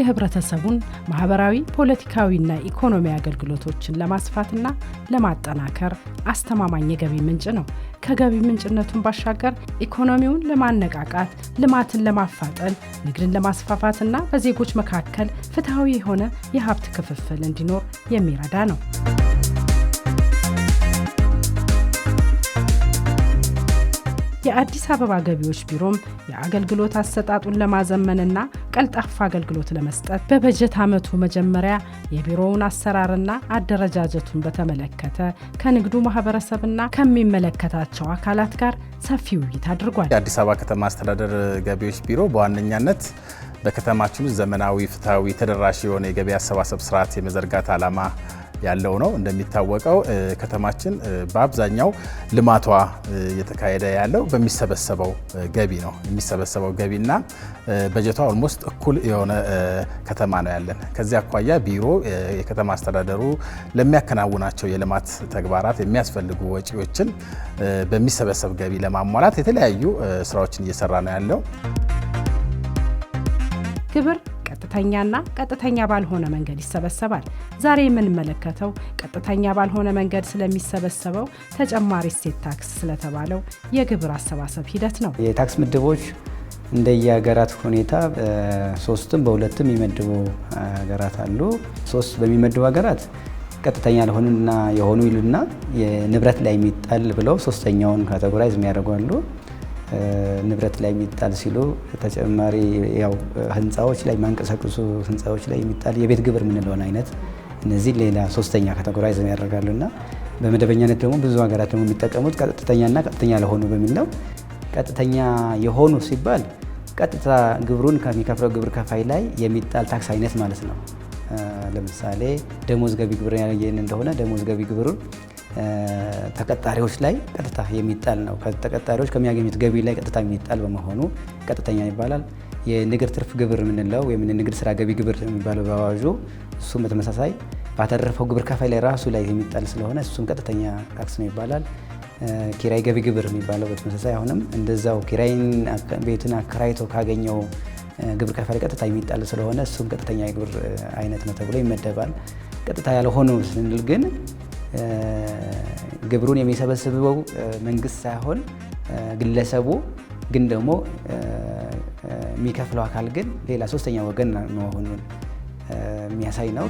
የህብረተሰቡን ማህበራዊ ፖለቲካዊና ኢኮኖሚ አገልግሎቶችን ለማስፋትና ለማጠናከር አስተማማኝ የገቢ ምንጭ ነው። ከገቢ ምንጭነቱን ባሻገር ኢኮኖሚውን ለማነቃቃት፣ ልማትን ለማፋጠን፣ ንግድን ለማስፋፋትና በዜጎች መካከል ፍትሐዊ የሆነ የሀብት ክፍፍል እንዲኖር የሚረዳ ነው። የአዲስ አበባ ገቢዎች ቢሮም የአገልግሎት አሰጣጡን ለማዘመንና ቀልጣፋ አገልግሎት ለመስጠት በበጀት ዓመቱ መጀመሪያ የቢሮውን አሰራርና አደረጃጀቱን በተመለከተ ከንግዱ ማህበረሰብና ከሚመለከታቸው አካላት ጋር ሰፊ ውይይት አድርጓል። የአዲስ አበባ ከተማ አስተዳደር ገቢዎች ቢሮ በዋነኛነት በከተማችን ውስጥ ዘመናዊ፣ ፍትሐዊ፣ ተደራሽ የሆነ የገቢ አሰባሰብ ስርዓት የመዘርጋት ዓላማ ያለው ነው። እንደሚታወቀው ከተማችን በአብዛኛው ልማቷ እየተካሄደ ያለው በሚሰበሰበው ገቢ ነው። የሚሰበሰበው ገቢና በጀቷ ኦልሞስት እኩል የሆነ ከተማ ነው ያለን። ከዚህ አኳያ ቢሮ የከተማ አስተዳደሩ ለሚያከናውናቸው የልማት ተግባራት የሚያስፈልጉ ወጪዎችን በሚሰበሰብ ገቢ ለማሟላት የተለያዩ ስራዎችን እየሰራ ነው ያለው። ክብር ቀጥተኛና ቀጥተኛ ባልሆነ መንገድ ይሰበሰባል። ዛሬ የምንመለከተው ቀጥተኛ ባልሆነ መንገድ ስለሚሰበሰበው ተጨማሪ እሴት ታክስ ስለተባለው የግብር አሰባሰብ ሂደት ነው። የታክስ ምድቦች እንደየሀገራት ሁኔታ ሶስትም በሁለትም የሚመድቡ ሀገራት አሉ። ሶስት በሚመድቡ ሀገራት ቀጥተኛ ለሆኑና የሆኑ ይሉና ንብረት ላይ የሚጣል ብለው ሶስተኛውን ካተጎራይዝ የሚያደርጓሉ። ንብረት ላይ የሚጣል ሲሉ ተጨማሪ ያው ህንፃዎች ላይ ማንቀሳቀሱ ህንፃዎች ላይ የሚጣል የቤት ግብር የምንለውን አይነት እነዚህ ሌላ ሶስተኛ ካተጎራይዝም ያደርጋሉ እና በመደበኛነት ደግሞ ብዙ ሀገራት ደግሞ የሚጠቀሙት ቀጥተኛና ቀጥተኛ ለሆኑ በሚል ነው። ቀጥተኛ የሆኑ ሲባል ቀጥታ ግብሩን ከሚከፍለው ግብር ከፋይ ላይ የሚጣል ታክስ አይነት ማለት ነው። ለምሳሌ ደሞዝ ገቢ ግብር ያየን እንደሆነ ደሞዝ ገቢ ግብሩን ተቀጣሪዎች ላይ ቀጥታ የሚጣል ነው። ተቀጣሪዎች ከሚያገኙት ገቢ ላይ ቀጥታ የሚጣል በመሆኑ ቀጥተኛ ይባላል። የንግድ ትርፍ ግብር የምንለው ወይም የንግድ ስራ ገቢ ግብር የሚባለው በአዋዡ እሱም በተመሳሳይ ባተረፈው ግብር ከፋይ ላይ ራሱ ላይ የሚጣል ስለሆነ እሱም ቀጥተኛ ታክስ ነው ይባላል። ኪራይ ገቢ ግብር የሚባለው በተመሳሳይ አሁንም እንደዛው ኪራይን ቤትን አከራይቶ ካገኘው ግብር ከፋይ ቀጥታ የሚጣል ስለሆነ እሱም ቀጥተኛ የግብር አይነት ነው ተብሎ ይመደባል። ቀጥታ ያልሆኑ ስንል ግን ግብሩን የሚሰበስበው መንግስት ሳይሆን ግለሰቡ ግን ደግሞ የሚከፍለው አካል ግን ሌላ ሶስተኛ ወገን መሆኑን የሚያሳይ ነው።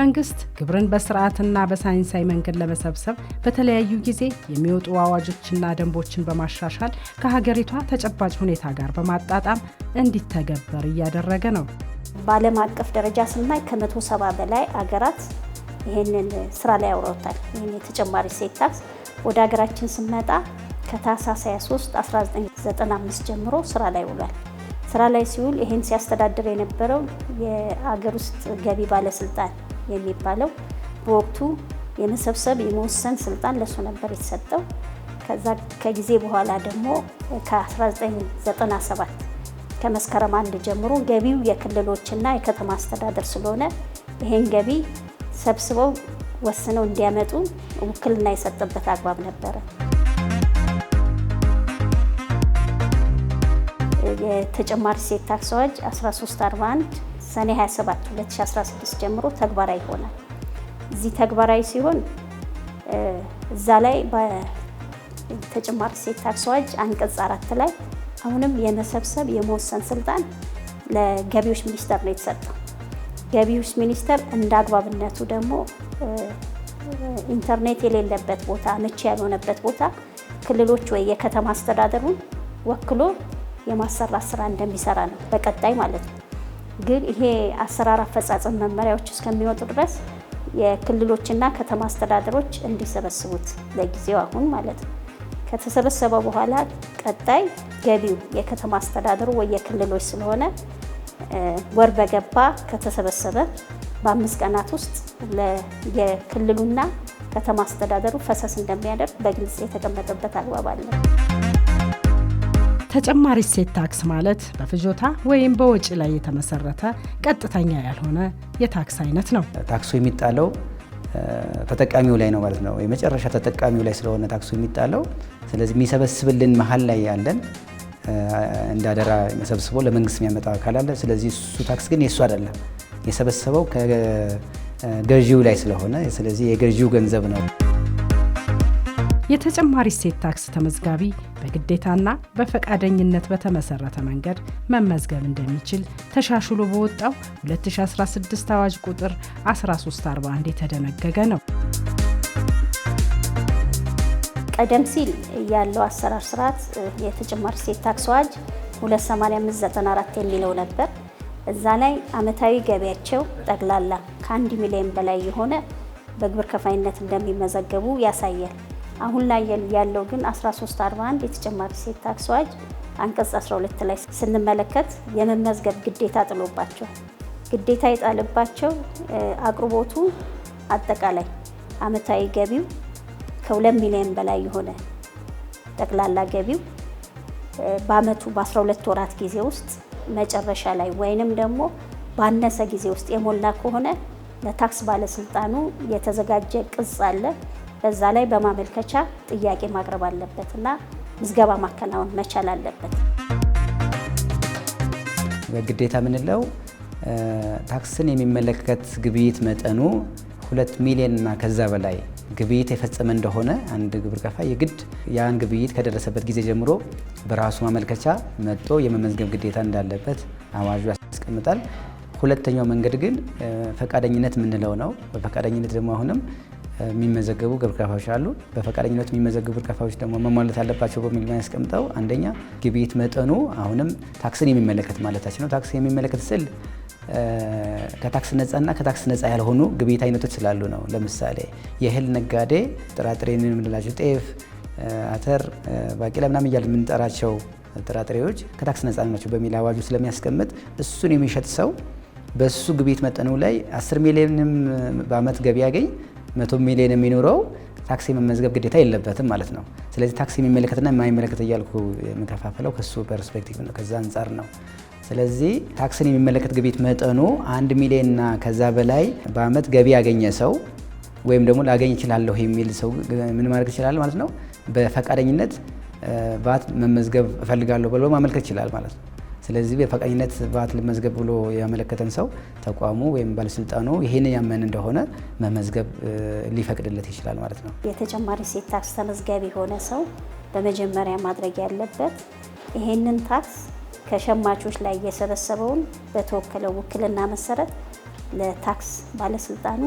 መንግስት ግብርን በስርዓትና በሳይንሳዊ መንገድ ለመሰብሰብ በተለያዩ ጊዜ የሚወጡ አዋጆችና ደንቦችን በማሻሻል ከሀገሪቷ ተጨባጭ ሁኔታ ጋር በማጣጣም እንዲተገበር እያደረገ ነው። በዓለም አቀፍ ደረጃ ስናይ ከመቶ ሰባ በላይ አገራት ይህንን ስራ ላይ አውረውታል። ይህን የተጨማሪ እሴት ታክስ ወደ ሀገራችን ስመጣ ከታህሳስ 23 1995 ጀምሮ ስራ ላይ ውሏል። ስራ ላይ ሲውል ይህን ሲያስተዳድር የነበረው የአገር ውስጥ ገቢ ባለስልጣን የሚባለው በወቅቱ የመሰብሰብ የመወሰን ስልጣን ለሱ ነበር የተሰጠው። ከዛ ከጊዜ በኋላ ደግሞ ከ1997 ከመስከረም አንድ ጀምሮ ገቢው የክልሎችና የከተማ አስተዳደር ስለሆነ ይህን ገቢ ሰብስበው ወስነው እንዲያመጡ ውክልና የሰጠበት አግባብ ነበረ። የተጨማሪ እሴት ታክስ አዋጅ 1341 ሰኔ 27 2016 ጀምሮ ተግባራዊ ይሆናል። እዚህ ተግባራዊ ሲሆን እዛ ላይ በተጨማሪ እሴት ታክስ አዋጅ አንቀጽ አራት ላይ አሁንም የመሰብሰብ የመወሰን ስልጣን ለገቢዎች ሚኒስቴር ነው የተሰጠው። ገቢዎች ሚኒስቴር እንደ አግባብነቱ ደግሞ ኢንተርኔት የሌለበት ቦታ፣ ምቹ ያልሆነበት ቦታ ክልሎች ወይ የከተማ አስተዳደሩን ወክሎ የማሰራት ስራ እንደሚሰራ ነው በቀጣይ ማለት ነው። ግን ይሄ አሰራር አፈጻጸም መመሪያዎች እስከሚወጡ ድረስ የክልሎችና ከተማ አስተዳደሮች እንዲሰበስቡት ለጊዜው አሁን ማለት ነው። ከተሰበሰበ በኋላ ቀጣይ ገቢው የከተማ አስተዳደሩ ወይ የክልሎች ስለሆነ ወር በገባ ከተሰበሰበ በአምስት ቀናት ውስጥ የክልሉና ከተማ አስተዳደሩ ፈሰስ እንደሚያደርግ በግልጽ የተቀመጠበት አግባብ አለ። ተጨማሪ እሴት ታክስ ማለት በፍጆታ ወይም በወጪ ላይ የተመሰረተ ቀጥተኛ ያልሆነ የታክስ አይነት ነው። ታክሱ የሚጣለው ተጠቃሚው ላይ ነው ማለት ነው። የመጨረሻ ተጠቃሚው ላይ ስለሆነ ታክሱ የሚጣለው። ስለዚህ የሚሰበስብልን መሀል ላይ ያለን እንዳደራ ሰብስቦ ለመንግስት የሚያመጣ አካል አለ። ስለዚህ እሱ ታክስ ግን የእሱ አይደለም የሰበሰበው ከገዢው ላይ ስለሆነ ስለዚህ የገዢው ገንዘብ ነው። የተጨማሪ ሴት ታክስ ተመዝጋቢ በግዴታና በፈቃደኝነት በተመሰረተ መንገድ መመዝገብ እንደሚችል ተሻሽሎ በወጣው 2016 አዋጅ ቁጥር 1341 የተደነገገ ነው። ቀደም ሲል ያለው አሰራር ስርዓት የተጨማሪ ሴት ታክስ አዋጅ 28594 የሚለው ነበር። እዛ ላይ አመታዊ ገቢያቸው ጠቅላላ ከአንድ ሚሊዮን በላይ የሆነ በግብር ከፋይነት እንደሚመዘገቡ ያሳያል። አሁን ላይ ያለው ግን 1341 የተጨማሪ እሴት ታክስ አዋጅ አንቀጽ 12 ላይ ስንመለከት የመመዝገብ ግዴታ ጥሎባቸው ግዴታ የጣለባቸው አቅርቦቱ አጠቃላይ አመታዊ ገቢው ከ2 ሚሊዮን በላይ የሆነ ጠቅላላ ገቢው በአመቱ በ12 ወራት ጊዜ ውስጥ መጨረሻ ላይ ወይንም ደግሞ ባነሰ ጊዜ ውስጥ የሞላ ከሆነ ለታክስ ባለስልጣኑ የተዘጋጀ ቅጽ አለ። በዛ ላይ በማመልከቻ ጥያቄ ማቅረብ አለበት እና ምዝገባ ማከናወን መቻል አለበት። በግዴታ የምንለው ታክስን የሚመለከት ግብይት መጠኑ ሁለት ሚሊዮን እና ከዛ በላይ ግብይት የፈጸመ እንደሆነ አንድ ግብር ከፋይ የግድ ያን ግብይት ከደረሰበት ጊዜ ጀምሮ በራሱ ማመልከቻ መጥቶ የመመዝገብ ግዴታ እንዳለበት አዋጁ ያስቀምጣል። ሁለተኛው መንገድ ግን ፈቃደኝነት የምንለው ነው። በፈቃደኝነት ደግሞ አሁንም የሚመዘገቡ ግብር ከፋዮች አሉ። በፈቃደኝነት የሚመዘገቡ ግብር ከፋዮች ደግሞ መሟላት አለባቸው በሚል ያስቀምጠው አንደኛ ግብይት መጠኑ አሁንም ታክስን የሚመለከት ማለታችን ነው። ታክስ የሚመለከት ስል ከታክስ ነፃና ከታክስ ነፃ ያልሆኑ ግብይት አይነቶች ስላሉ ነው። ለምሳሌ የእህል ነጋዴ ጥራጥሬን የምንላቸው ጤፍ፣ አተር፣ ባቄላ ምናምን እያል የምንጠራቸው ጥራጥሬዎች ከታክስ ነፃ ናቸው በሚል አዋጁ ስለሚያስቀምጥ እሱን የሚሸጥ ሰው በሱ ግብይት መጠኑ ላይ 10 ሚሊዮንም በዓመት ገቢ ያገኝ መቶ ሚሊዮን የሚኖረው ታክሲ መመዝገብ ግዴታ የለበትም ማለት ነው። ስለዚህ ታክሲ የሚመለከትና የማይመለከት እያልኩ የምከፋፈለው ከሱ ፐርስፔክቲቭ ነው፣ ከዛ አንጻር ነው። ስለዚህ ታክስን የሚመለከት ግብይት መጠኑ አንድ ሚሊዮንና ከዛ በላይ በአመት ገቢ ያገኘ ሰው ወይም ደግሞ ላገኝ እችላለሁ የሚል ሰው ምን ማድረግ ይችላል ማለት ነው? በፈቃደኝነት ቫት መመዝገብ እፈልጋለሁ ብሎ ማመልከት ይችላል ማለት ነው። ስለዚህ በፈቃኝነት ባት ልመዝገብ ብሎ ያመለከተን ሰው ተቋሙ ወይም ባለስልጣኑ ይህንን ያመን እንደሆነ መመዝገብ ሊፈቅድለት ይችላል ማለት ነው። የተጨማሪ እሴት ታክስ ተመዝጋቢ የሆነ ሰው በመጀመሪያ ማድረግ ያለበት ይህንን ታክስ ከሸማቾች ላይ የሰበሰበውን በተወከለው ውክልና መሰረት ለታክስ ባለስልጣኑ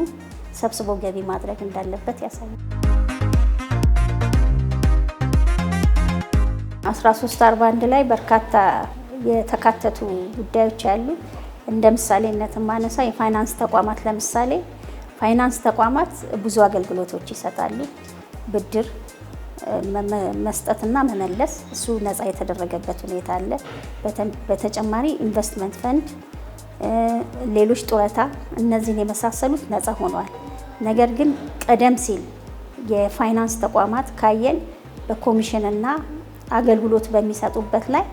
ሰብስቦ ገቢ ማድረግ እንዳለበት ያሳያል። 1341 ላይ በርካታ የተካተቱ ጉዳዮች ያሉ እንደ ምሳሌነት ማነሳ የፋይናንስ ተቋማት ለምሳሌ ፋይናንስ ተቋማት ብዙ አገልግሎቶች ይሰጣሉ። ብድር መስጠትና መመለስ እሱ ነፃ የተደረገበት ሁኔታ አለ። በተጨማሪ ኢንቨስትመንት ፈንድ፣ ሌሎች ጡረታ፣ እነዚህን የመሳሰሉት ነፃ ሆነዋል። ነገር ግን ቀደም ሲል የፋይናንስ ተቋማት ካየን በኮሚሽንና አገልግሎት በሚሰጡበት ላይ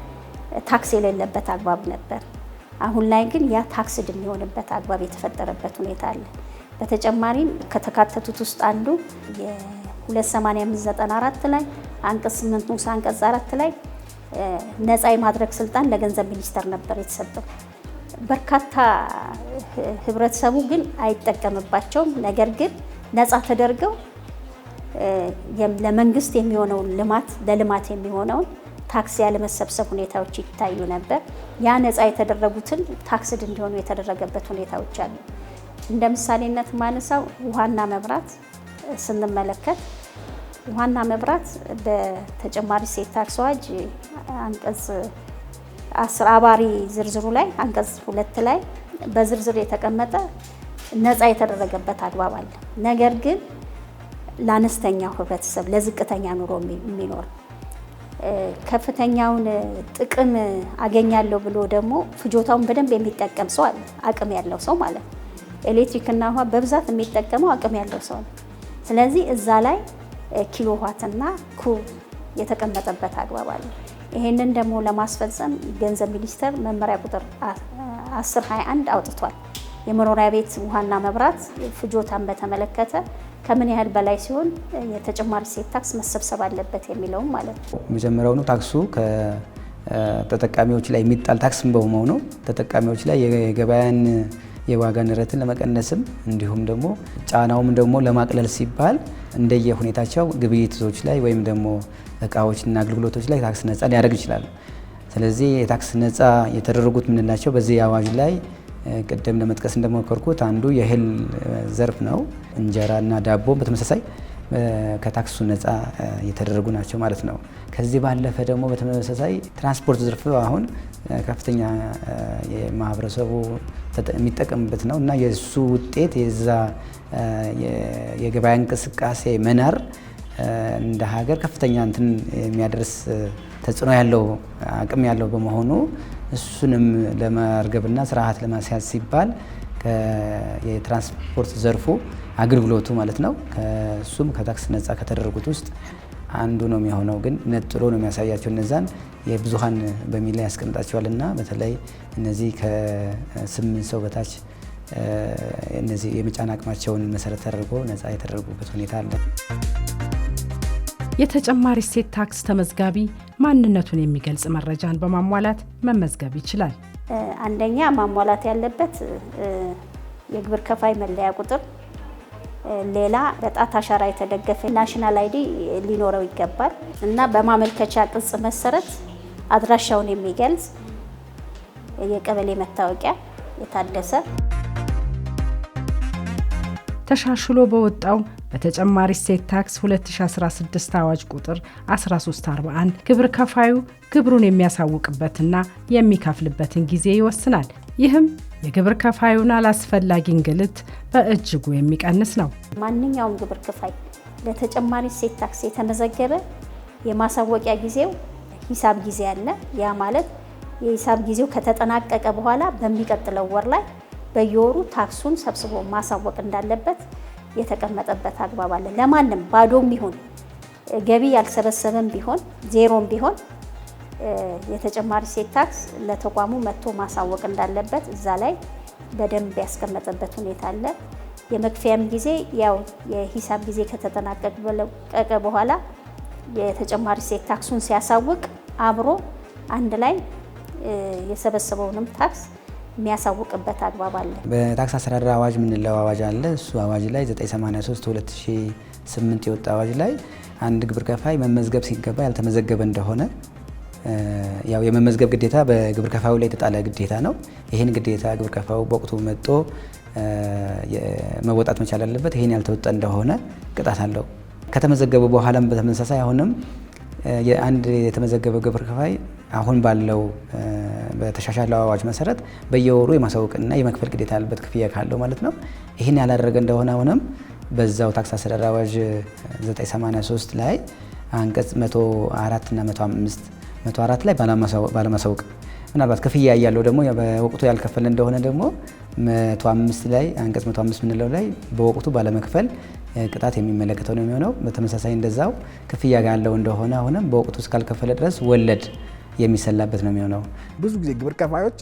ታክስ የሌለበት አግባብ ነበር። አሁን ላይ ግን ያ ታክስድ የሚሆንበት አግባብ የተፈጠረበት ሁኔታ አለ። በተጨማሪም ከተካተቱት ውስጥ አንዱ የ28594 ላይ አንቀጽ 8 ንዑስ አንቀጽ 4 ላይ ነፃ የማድረግ ስልጣን ለገንዘብ ሚኒስቴር ነበር የተሰጠው። በርካታ ህብረተሰቡ ግን አይጠቀምባቸውም። ነገር ግን ነፃ ተደርገው ለመንግስት የሚሆነውን ልማት ለልማት የሚሆነውን ታክስ ያለመሰብሰብ ሁኔታዎች ይታዩ ነበር። ያ ነፃ የተደረጉትን ታክስድ እንዲሆኑ የተደረገበት ሁኔታዎች አሉ። እንደ ምሳሌነት ማነሳው ውሃና መብራት ስንመለከት ውሃና መብራት በተጨማሪ እሴት ታክስ አዋጅ አንቀጽ አስር አባሪ ዝርዝሩ ላይ አንቀጽ ሁለት ላይ በዝርዝር የተቀመጠ ነፃ የተደረገበት አግባብ አለ። ነገር ግን ለአነስተኛው ህብረተሰብ ለዝቅተኛ ኑሮ የሚኖር ከፍተኛውን ጥቅም አገኛለሁ ብሎ ደግሞ ፍጆታውን በደንብ የሚጠቀም ሰው አለ። አቅም ያለው ሰው ማለት ነው። እና ውሃ በብዛት የሚጠቀመው አቅም ያለው ሰው ነው። ስለዚህ እዛ ላይ ኪሎ ኪሎዋትና ኩብ የተቀመጠበት አግባብ አለ። ይህንን ደግሞ ለማስፈጸም ገንዘብ ሚኒስቴር መመሪያ ቁጥር 1021 አውጥቷል። የመኖሪያ ቤት ውሃና መብራት ፍጆታን በተመለከተ ከምን ያህል በላይ ሲሆን የተጨማሪ እሴት ታክስ መሰብሰብ አለበት የሚለውም ማለት ነው። ነው ታክሱ ከተጠቃሚዎች ላይ የሚጣል ታክስ በመሆኑ ተጠቃሚዎች ላይ የገበያን የዋጋ ንረትን ለመቀነስም እንዲሁም ደግሞ ጫናውም ደግሞ ለማቅለል ሲባል እንደየ ሁኔታቸው ግብይቶች ላይ ወይም ደግሞ እቃዎችና አገልግሎቶች ላይ ታክስ ነጻ ሊያደርግ ይችላል። ስለዚህ የታክስ ነጻ የተደረጉት ምንላቸው በዚህ አዋጅ ላይ ቅድም ለመጥቀስ እንደሞከርኩት አንዱ የእህል ዘርፍ ነው። እንጀራ እና ዳቦ በተመሳሳይ ከታክሱ ነፃ የተደረጉ ናቸው ማለት ነው። ከዚህ ባለፈ ደግሞ በተመሳሳይ ትራንስፖርት ዘርፍ አሁን ከፍተኛ የማህበረሰቡ የሚጠቀምበት ነው እና የእሱ ውጤት የዛ የገበያ እንቅስቃሴ መናር እንደ ሀገር ከፍተኛ እንትን የሚያደርስ ተጽዕኖ ያለው አቅም ያለው በመሆኑ እሱንም ለማርገብና ስርዓት ለማስያዝ ሲባል የትራንስፖርት ዘርፉ አገልግሎቱ ማለት ነው ከእሱም ከታክስ ነጻ ከተደረጉት ውስጥ አንዱ ነው የሚሆነው። ግን ነጥሎ ነው የሚያሳያቸው እነዛን የብዙሀን በሚል ላይ ያስቀምጣቸዋል እና በተለይ እነዚህ ከስምንት ሰው በታች እነዚህ የመጫን አቅማቸውን መሰረት ተደርጎ ነጻ የተደረጉበት ሁኔታ አለ። የተጨማሪ እሴት ታክስ ተመዝጋቢ ማንነቱን የሚገልጽ መረጃን በማሟላት መመዝገብ ይችላል። አንደኛ ማሟላት ያለበት የግብር ከፋይ መለያ ቁጥር፣ ሌላ በጣት አሻራ የተደገፈ ናሽናል አይዲ ሊኖረው ይገባል እና በማመልከቻ ቅጽ መሰረት አድራሻውን የሚገልጽ የቀበሌ መታወቂያ የታደሰ ተሻሽሎ በወጣው በተጨማሪ ስቴት ታክስ 2016 አዋጅ ቁጥር 1341 ግብር ከፋዩ ግብሩን የሚያሳውቅበትና የሚከፍልበትን ጊዜ ይወስናል። ይህም የግብር ከፋዩን አላስፈላጊ እንግልት በእጅጉ የሚቀንስ ነው። ማንኛውም ግብር ከፋይ ለተጨማሪ ስቴት ታክስ የተመዘገበ የማሳወቂያ ጊዜው ሂሳብ ጊዜ አለ። ያ ማለት የሂሳብ ጊዜው ከተጠናቀቀ በኋላ በሚቀጥለው ወር ላይ በየወሩ ታክሱን ሰብስቦ ማሳወቅ እንዳለበት የተቀመጠበት አግባብ አለ። ለማንም ባዶም ቢሆን ገቢ ያልሰበሰበም ቢሆን ዜሮም ቢሆን የተጨማሪ እሴት ታክስ ለተቋሙ መጥቶ ማሳወቅ እንዳለበት እዛ ላይ በደንብ ያስቀመጠበት ሁኔታ አለ። የመክፈያም ጊዜ ያው የሂሳብ ጊዜ ከተጠናቀቀ በኋላ የተጨማሪ እሴት ታክሱን ሲያሳውቅ አብሮ አንድ ላይ የሰበሰበውንም ታክስ የሚያሳውቅበት አግባብ አለ። በታክስ አስተዳደር አዋጅ የምንለው አዋጅ አለ። እሱ አዋጅ ላይ 983 2008 የወጣ አዋጅ ላይ አንድ ግብር ከፋይ መመዝገብ ሲገባ ያልተመዘገበ እንደሆነ ያው የመመዝገብ ግዴታ በግብር ከፋዩ ላይ የተጣለ ግዴታ ነው። ይህን ግዴታ ግብር ከፋዩ በወቅቱ መጥቶ መወጣት መቻል አለበት። ይህን ያልተወጣ እንደሆነ ቅጣት አለው። ከተመዘገበ በኋላም በተመሳሳይ አሁንም የአንድ የተመዘገበ ግብር ከፋይ አሁን ባለው በተሻሻለው አዋጅ መሰረት በየወሩ የማሳወቅና የመክፈል ግዴታ ያለበት ክፍያ ካለው ማለት ነው። ይህን ያላደረገ እንደሆነ አሁንም በዛው ታክስ አስተዳደር አዋጅ 983 ላይ አንቀጽ 104 እና 105 104 ላይ ባለማሳወቅ ምናልባት ክፍያ እያለው ደግሞ በወቅቱ ያልከፈለ እንደሆነ ደግሞ 105 ላይ አንቀጽ 105 ምንለው ላይ በወቅቱ ባለመክፈል ቅጣት የሚመለከተው ነው የሚሆነው። በተመሳሳይ እንደዛው ክፍያ ያለው እንደሆነ አሁንም በወቅቱ እስካልከፈለ ድረስ ወለድ የሚሰላበት ነው የሚሆነው። ብዙ ጊዜ ግብር ከፋዮች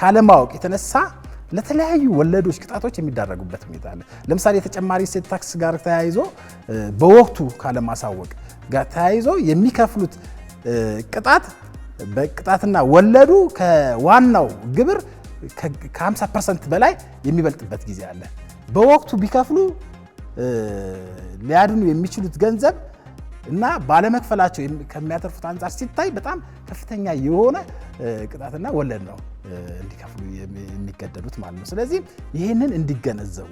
ካለማወቅ የተነሳ ለተለያዩ ወለዶች ቅጣቶች የሚዳረጉበት ሁኔታ አለ። ለምሳሌ የተጨማሪ እሴት ታክስ ጋር ተያይዞ በወቅቱ ካለማሳወቅ ጋር ተያይዞ የሚከፍሉት ቅጣት በቅጣትና ወለዱ ከዋናው ግብር ከ50 ፐርሰንት በላይ የሚበልጥበት ጊዜ አለ። በወቅቱ ቢከፍሉ ሊያድኑ የሚችሉት ገንዘብ እና ባለመክፈላቸው ከሚያተርፉት አንጻር ሲታይ በጣም ከፍተኛ የሆነ ቅጣትና ወለድ ነው እንዲከፍሉ የሚገደዱት ማለት ነው። ስለዚህ ይህንን እንዲገነዘቡ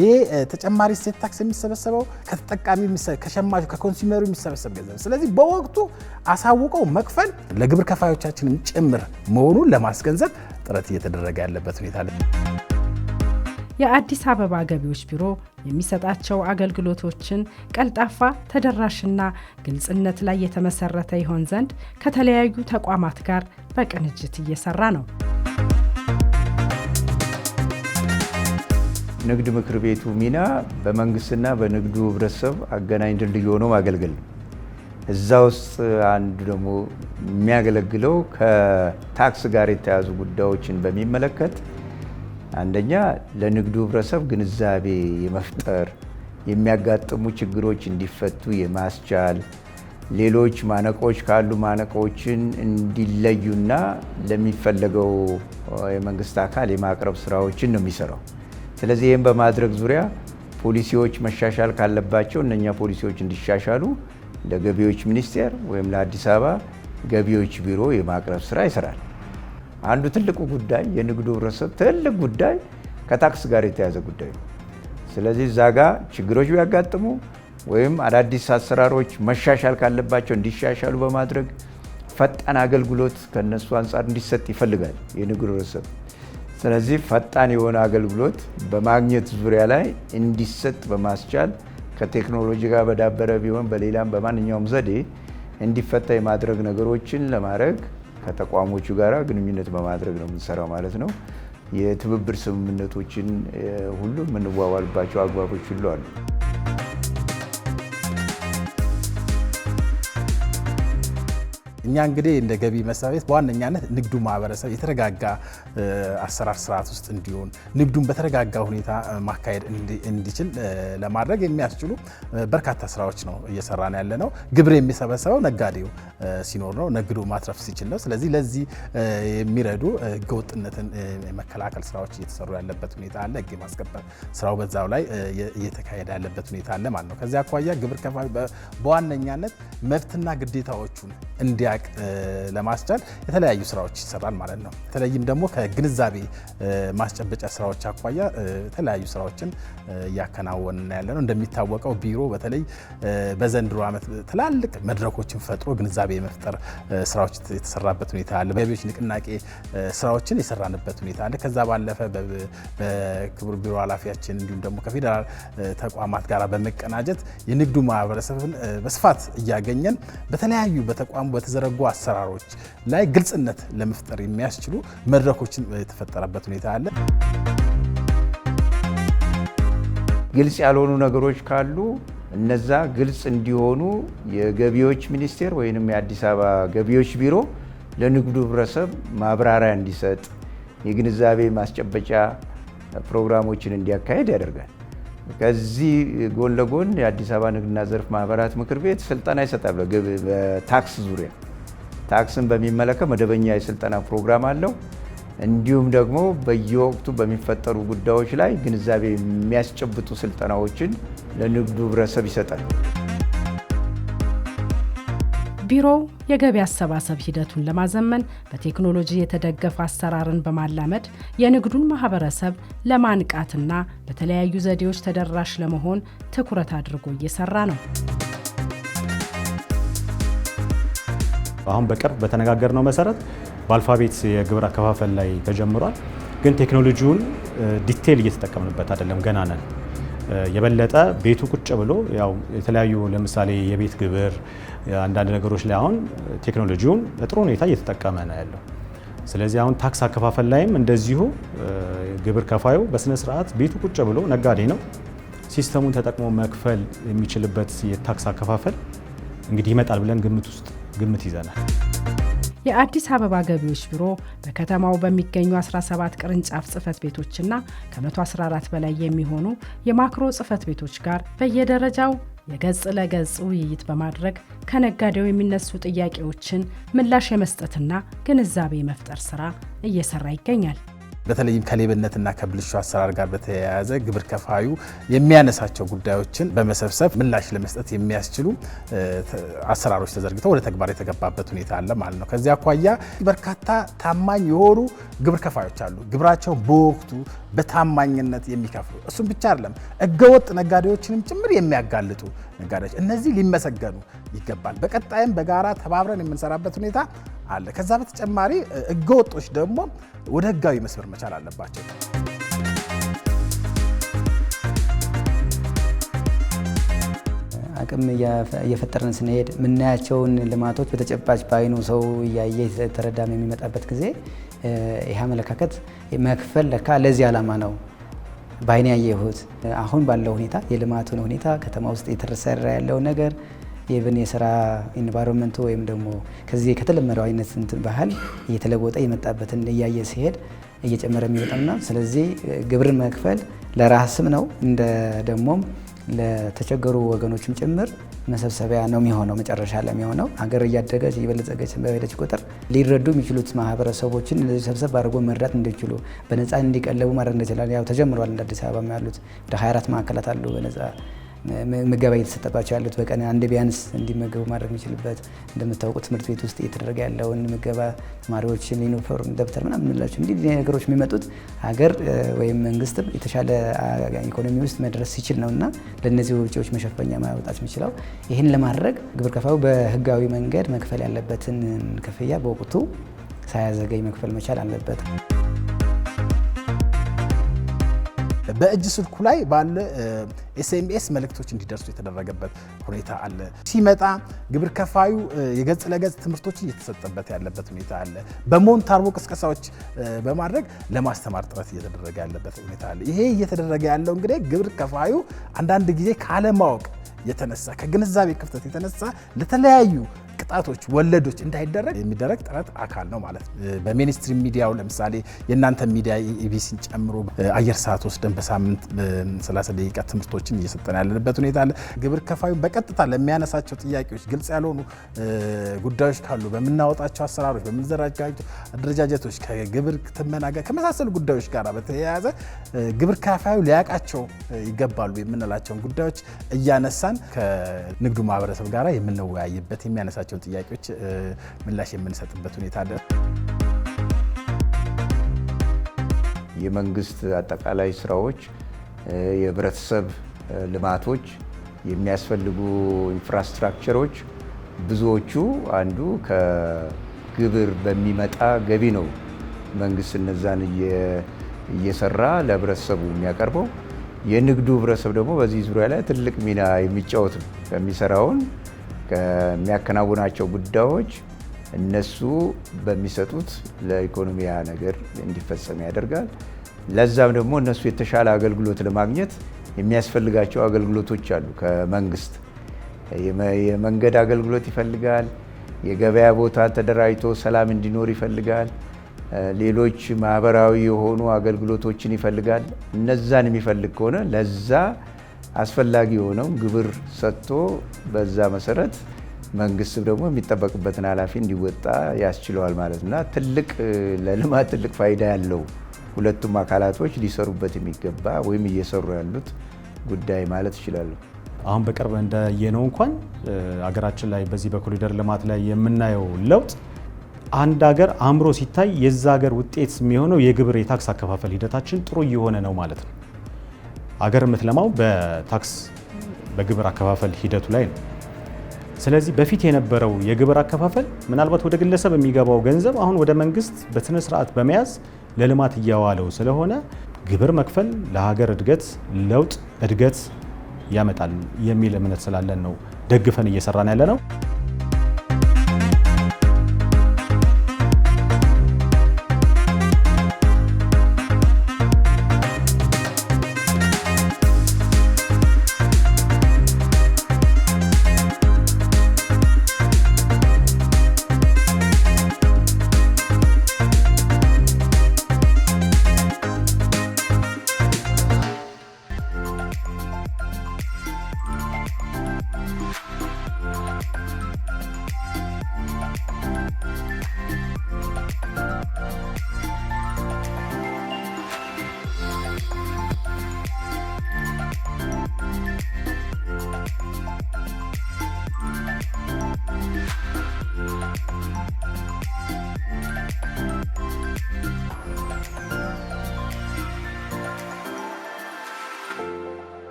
ይህ ተጨማሪ እሴት ታክስ የሚሰበሰበው ከተጠቃሚ ከሸማቹ ከኮንሱመሩ የሚሰበሰብ ገንዘብ፣ ስለዚህ በወቅቱ አሳውቀው መክፈል ለግብር ከፋዮቻችንም ጭምር መሆኑን ለማስገንዘብ ጥረት እየተደረገ ያለበት ሁኔታ ለ የአዲስ አበባ ገቢዎች ቢሮ የሚሰጣቸው አገልግሎቶችን ቀልጣፋ፣ ተደራሽና ግልጽነት ላይ የተመሰረተ ይሆን ዘንድ ከተለያዩ ተቋማት ጋር በቅንጅት እየሰራ ነው። ንግድ ምክር ቤቱ ሚና በመንግስትና በንግዱ ህብረተሰብ አገናኝ ድልድይ ሆኖ ማገልገል እዛ ውስጥ አንዱ ደግሞ የሚያገለግለው ከታክስ ጋር የተያዙ ጉዳዮችን በሚመለከት አንደኛ ለንግዱ ህብረተሰብ ግንዛቤ የመፍጠር የሚያጋጥሙ ችግሮች እንዲፈቱ የማስቻል ሌሎች ማነቆች ካሉ ማነቆችን እንዲለዩና ለሚፈለገው የመንግስት አካል የማቅረብ ስራዎችን ነው የሚሰራው። ስለዚህ ይህም በማድረግ ዙሪያ ፖሊሲዎች መሻሻል ካለባቸው እነኛ ፖሊሲዎች እንዲሻሻሉ ለገቢዎች ሚኒስቴር ወይም ለአዲስ አበባ ገቢዎች ቢሮ የማቅረብ ስራ ይሰራል። አንዱ ትልቁ ጉዳይ የንግዱ ህብረተሰብ ትልቅ ጉዳይ ከታክስ ጋር የተያዘ ጉዳይ ነው። ስለዚህ እዛ ጋ ችግሮች ቢያጋጥሙ ወይም አዳዲስ አሰራሮች መሻሻል ካለባቸው እንዲሻሻሉ በማድረግ ፈጣን አገልግሎት ከነሱ አንጻር እንዲሰጥ ይፈልጋል የንግዱ ህብረተሰብ። ስለዚህ ፈጣን የሆነ አገልግሎት በማግኘት ዙሪያ ላይ እንዲሰጥ በማስቻል ከቴክኖሎጂ ጋር በዳበረ ቢሆን በሌላም በማንኛውም ዘዴ እንዲፈታ የማድረግ ነገሮችን ለማድረግ ከተቋሞቹ ጋራ ግንኙነት በማድረግ ነው የምንሰራው ማለት ነው። የትብብር ስምምነቶችን ሁሉ የምንዋዋልባቸው አግባቦች ሁሉ አሉ። እኛ እንግዲህ እንደ ገቢ መስሪያ ቤት በዋነኛነት ንግዱ ማህበረሰብ የተረጋጋ አሰራር ስርዓት ውስጥ እንዲሆን ንግዱን በተረጋጋ ሁኔታ ማካሄድ እንዲችል ለማድረግ የሚያስችሉ በርካታ ስራዎች ነው እየሰራን ያለ ነው። ግብር የሚሰበሰበው ነጋዴው ሲኖር ነው፣ ነግዶ ማትረፍ ሲችል ነው። ስለዚህ ለዚህ የሚረዱ ህገወጥነትን የመከላከል ስራዎች እየተሰሩ ያለበት ሁኔታ አለ። ህግ የማስከበር ስራው በዛው ላይ እየተካሄደ ያለበት ሁኔታ አለ ማለት ነው። ከዚያ አኳያ ግብር ከፋ በዋነኛነት መብትና ግዴታዎቹን እንዲያ እንዲጠናቀቅ ለማስቻል የተለያዩ ስራዎች ይሰራል ማለት ነው። በተለይም ደግሞ ከግንዛቤ ማስጨበጫ ስራዎች አኳያ የተለያዩ ስራዎችን እያከናወንን ያለ ነው። እንደሚታወቀው ቢሮ በተለይ በዘንድሮ ዓመት ትላልቅ መድረኮችን ፈጥሮ ግንዛቤ የመፍጠር ስራዎች የተሰራበት ሁኔታ አለ። ገቢዎች ንቅናቄ ስራዎችን የሰራንበት ሁኔታ አለ። ከዛ ባለፈ በክቡር ቢሮ ኃላፊያችን እንዲሁም ደግሞ ከፌዴራል ተቋማት ጋር በመቀናጀት የንግዱ ማህበረሰብን በስፋት እያገኘን በተለያዩ በተቋሙ በተዘረ በተዘረጉ አሰራሮች ላይ ግልጽነት ለመፍጠር የሚያስችሉ መድረኮችን የተፈጠረበት ሁኔታ አለ። ግልጽ ያልሆኑ ነገሮች ካሉ እነዛ ግልጽ እንዲሆኑ የገቢዎች ሚኒስቴር ወይም የአዲስ አበባ ገቢዎች ቢሮ ለንግዱ ህብረተሰብ ማብራሪያ እንዲሰጥ የግንዛቤ ማስጨበጫ ፕሮግራሞችን እንዲያካሄድ ያደርጋል። ከዚህ ጎን ለጎን የአዲስ አበባ ንግድና ዘርፍ ማህበራት ምክር ቤት ስልጠና ይሰጣል በታክስ ዙሪያ ታክስን በሚመለከት መደበኛ የስልጠና ፕሮግራም አለው። እንዲሁም ደግሞ በየወቅቱ በሚፈጠሩ ጉዳዮች ላይ ግንዛቤ የሚያስጨብጡ ስልጠናዎችን ለንግዱ ህብረተሰብ ይሰጣል። ቢሮው የገቢ አሰባሰብ ሂደቱን ለማዘመን በቴክኖሎጂ የተደገፈ አሰራርን በማላመድ የንግዱን ማህበረሰብ ለማንቃትና በተለያዩ ዘዴዎች ተደራሽ ለመሆን ትኩረት አድርጎ እየሰራ ነው። አሁን በቅርብ በተነጋገርነው መሰረት በአልፋቤት የግብር አከፋፈል ላይ ተጀምሯል። ግን ቴክኖሎጂውን ዲቴል እየተጠቀምንበት አይደለም፣ ገና ነን። የበለጠ ቤቱ ቁጭ ብሎ ያው የተለያዩ ለምሳሌ የቤት ግብር አንዳንድ ነገሮች ላይ አሁን ቴክኖሎጂውን በጥሩ ሁኔታ እየተጠቀመ ነው ያለው። ስለዚህ አሁን ታክስ አከፋፈል ላይም እንደዚሁ ግብር ከፋዩ በስነ ስርዓት ቤቱ ቁጭ ብሎ ነጋዴ ነው ሲስተሙን ተጠቅሞ መክፈል የሚችልበት የታክስ አከፋፈል እንግዲህ ይመጣል ብለን ግምት ውስጥ ግምት ይዘናል። የአዲስ አበባ ገቢዎች ቢሮ በከተማው በሚገኙ 17 ቅርንጫፍ ጽህፈት ቤቶችና ከ114 በላይ የሚሆኑ የማክሮ ጽህፈት ቤቶች ጋር በየደረጃው የገጽ ለገጽ ውይይት በማድረግ ከነጋዴው የሚነሱ ጥያቄዎችን ምላሽ የመስጠትና ግንዛቤ መፍጠር ስራ እየሰራ ይገኛል። በተለይም ከሌብነትና ከብልሹ አሰራር ጋር በተያያዘ ግብር ከፋዩ የሚያነሳቸው ጉዳዮችን በመሰብሰብ ምላሽ ለመስጠት የሚያስችሉ አሰራሮች ተዘርግተው ወደ ተግባር የተገባበት ሁኔታ አለ ማለት ነው። ከዚያ አኳያ በርካታ ታማኝ የሆኑ ግብር ከፋዮች አሉ። ግብራቸውን በወቅቱ በታማኝነት የሚከፍሉ እሱም ብቻ አይደለም፣ ህገወጥ ነጋዴዎችንም ጭምር የሚያጋልጡ ነጋዴዎች። እነዚህ ሊመሰገኑ ይገባል። በቀጣይም በጋራ ተባብረን የምንሰራበት ሁኔታ አለ። ከዛ በተጨማሪ ህገወጦች ደግሞ ወደ ህጋዊ መስመር መቻል አለባቸው። አቅም እየፈጠርን ስንሄድ የምናያቸውን ልማቶች በተጨባጭ በአይኑ ሰው እያየ ተረዳም የሚመጣበት ጊዜ ይህ አመለካከት መክፈል ለካ ለዚህ ዓላማ ነው በአይኔ ያየሁት አሁን ባለው ሁኔታ የልማቱን ሁኔታ ከተማ ውስጥ የተሰራ ያለውን ነገር የብን የስራ ኢንቫይሮንመንቱ ወይም ደግሞ ከዚህ ከተለመደው አይነት እንትን ባህል እየተለወጠ የመጣበትን እያየ ሲሄድ እየጨመረ የሚመጣና ስለዚህ ግብርን መክፈል ለራስም ነው እንደ ደግሞም ለተቸገሩ ወገኖችም ጭምር መሰብሰቢያ ነው የሚሆነው መጨረሻ ላይ የሚሆነው ሀገር እያደገች እየበለጸገች በሄደች ቁጥር ሊረዱ የሚችሉት ማህበረሰቦችን እንደዚህ ሰብሰብ አድርጎ መርዳት እንደችሉ በነፃ እንዲቀለቡ ማድረግ እንደችላል። ያው ተጀምሯል። እንደ አዲስ አበባ ያሉት ወደ 24 ማዕከላት አሉ በነፃ ምገባ እየተሰጠባቸው ያሉት በቀን አንድ ቢያንስ እንዲመገቡ ማድረግ የሚችልበት እንደምታውቁት ትምህርት ቤት ውስጥ እየተደረገ ያለውን ምገባ ተማሪዎችን ዩኒፎርም፣ ደብተር ምናምን ምንላቸው እንዲህ ነገሮች የሚመጡት ሀገር ወይም መንግስት የተሻለ ኢኮኖሚ ውስጥ መድረስ ሲችል ነው እና ለእነዚህ ውጪዎች መሸፈኛ ማውጣት የሚችለው ይህን ለማድረግ ግብር ከፋዩ በህጋዊ መንገድ መክፈል ያለበትን ክፍያ በወቅቱ ሳያዘገይ መክፈል መቻል አለበት። በእጅ ስልኩ ላይ ባለ ኤስኤምኤስ መልእክቶች እንዲደርሱ የተደረገበት ሁኔታ አለ። ሲመጣ ግብር ከፋዩ የገጽ ለገጽ ትምህርቶችን እየተሰጠበት ያለበት ሁኔታ አለ። በሞንታርቦ ቅስቀሳዎች በማድረግ ለማስተማር ጥረት እየተደረገ ያለበት ሁኔታ አለ። ይሄ እየተደረገ ያለው እንግዲህ ግብር ከፋዩ አንዳንድ ጊዜ ካለማወቅ የተነሳ ከግንዛቤ ክፍተት የተነሳ ለተለያዩ ቅጣቶች፣ ወለዶች እንዳይደረግ የሚደረግ ጥረት አካል ነው ማለት ነው። በሚኒስትሪ ሚዲያው ለምሳሌ የእናንተ ሚዲያ ኢቢሲን ጨምሮ አየር ሰዓት ወስደን በሳምንት 30 ደቂቃ ትምህርቶችን እየሰጠን ያለንበት ሁኔታ አለ። ግብር ከፋዩ በቀጥታ ለሚያነሳቸው ጥያቄዎች ግልጽ ያልሆኑ ጉዳዮች ካሉ በምናወጣቸው አሰራሮች፣ በምንዘረጋቸው አደረጃጀቶች ከግብር ትመና ጋር ከመሳሰሉ ጉዳዮች ጋር በተያያዘ ግብር ከፋዩ ሊያውቃቸው ይገባሉ የምንላቸውን ጉዳዮች እያነሳን ከንግዱ ማህበረሰብ ጋር የምንወያይበት የሚያነሳቸው የሚያነሷቸውን ጥያቄዎች ምላሽ የምንሰጥበት ሁኔታ አለ። የመንግስት አጠቃላይ ስራዎች፣ የህብረተሰብ ልማቶች፣ የሚያስፈልጉ ኢንፍራስትራክቸሮች ብዙዎቹ አንዱ ከግብር በሚመጣ ገቢ ነው። መንግስት እነዛን እየሰራ ለህብረተሰቡ የሚያቀርበው የንግዱ ህብረተሰብ ደግሞ በዚህ ዙሪያ ላይ ትልቅ ሚና የሚጫወት ነው። የሚሰራውን ከሚያከናውናቸው ጉዳዮች እነሱ በሚሰጡት ለኢኮኖሚያ ነገር እንዲፈጸም ያደርጋል። ለዛም ደግሞ እነሱ የተሻለ አገልግሎት ለማግኘት የሚያስፈልጋቸው አገልግሎቶች አሉ። ከመንግስት የመንገድ አገልግሎት ይፈልጋል። የገበያ ቦታ ተደራጅቶ ሰላም እንዲኖር ይፈልጋል። ሌሎች ማህበራዊ የሆኑ አገልግሎቶችን ይፈልጋል። እነዛን የሚፈልግ ከሆነ ለዛ አስፈላጊ የሆነው ግብር ሰጥቶ በዛ መሰረት መንግስት ደግሞ የሚጠበቅበትን ኃላፊ እንዲወጣ ያስችለዋል ማለት እና ትልቅ ለልማት ትልቅ ፋይዳ ያለው ሁለቱም አካላቶች ሊሰሩበት የሚገባ ወይም እየሰሩ ያሉት ጉዳይ ማለት ይችላሉ። አሁን በቅርብ እንዳየነው እንኳን አገራችን ላይ በዚህ በኮሪደር ልማት ላይ የምናየው ለውጥ አንድ ሀገር አምሮ ሲታይ የዛ ሀገር ውጤት የሚሆነው የግብር የታክስ አከፋፈል ሂደታችን ጥሩ እየሆነ ነው ማለት ነው። አገር የምትለማው በታክስ በግብር አከፋፈል ሂደቱ ላይ ነው። ስለዚህ በፊት የነበረው የግብር አከፋፈል ምናልባት ወደ ግለሰብ የሚገባው ገንዘብ አሁን ወደ መንግስት በስነ ስርዓት በመያዝ ለልማት እያዋለው ስለሆነ ግብር መክፈል ለሀገር እድገት ለውጥ እድገት ያመጣል የሚል እምነት ስላለን ነው ደግፈን እየሰራን ያለ ነው።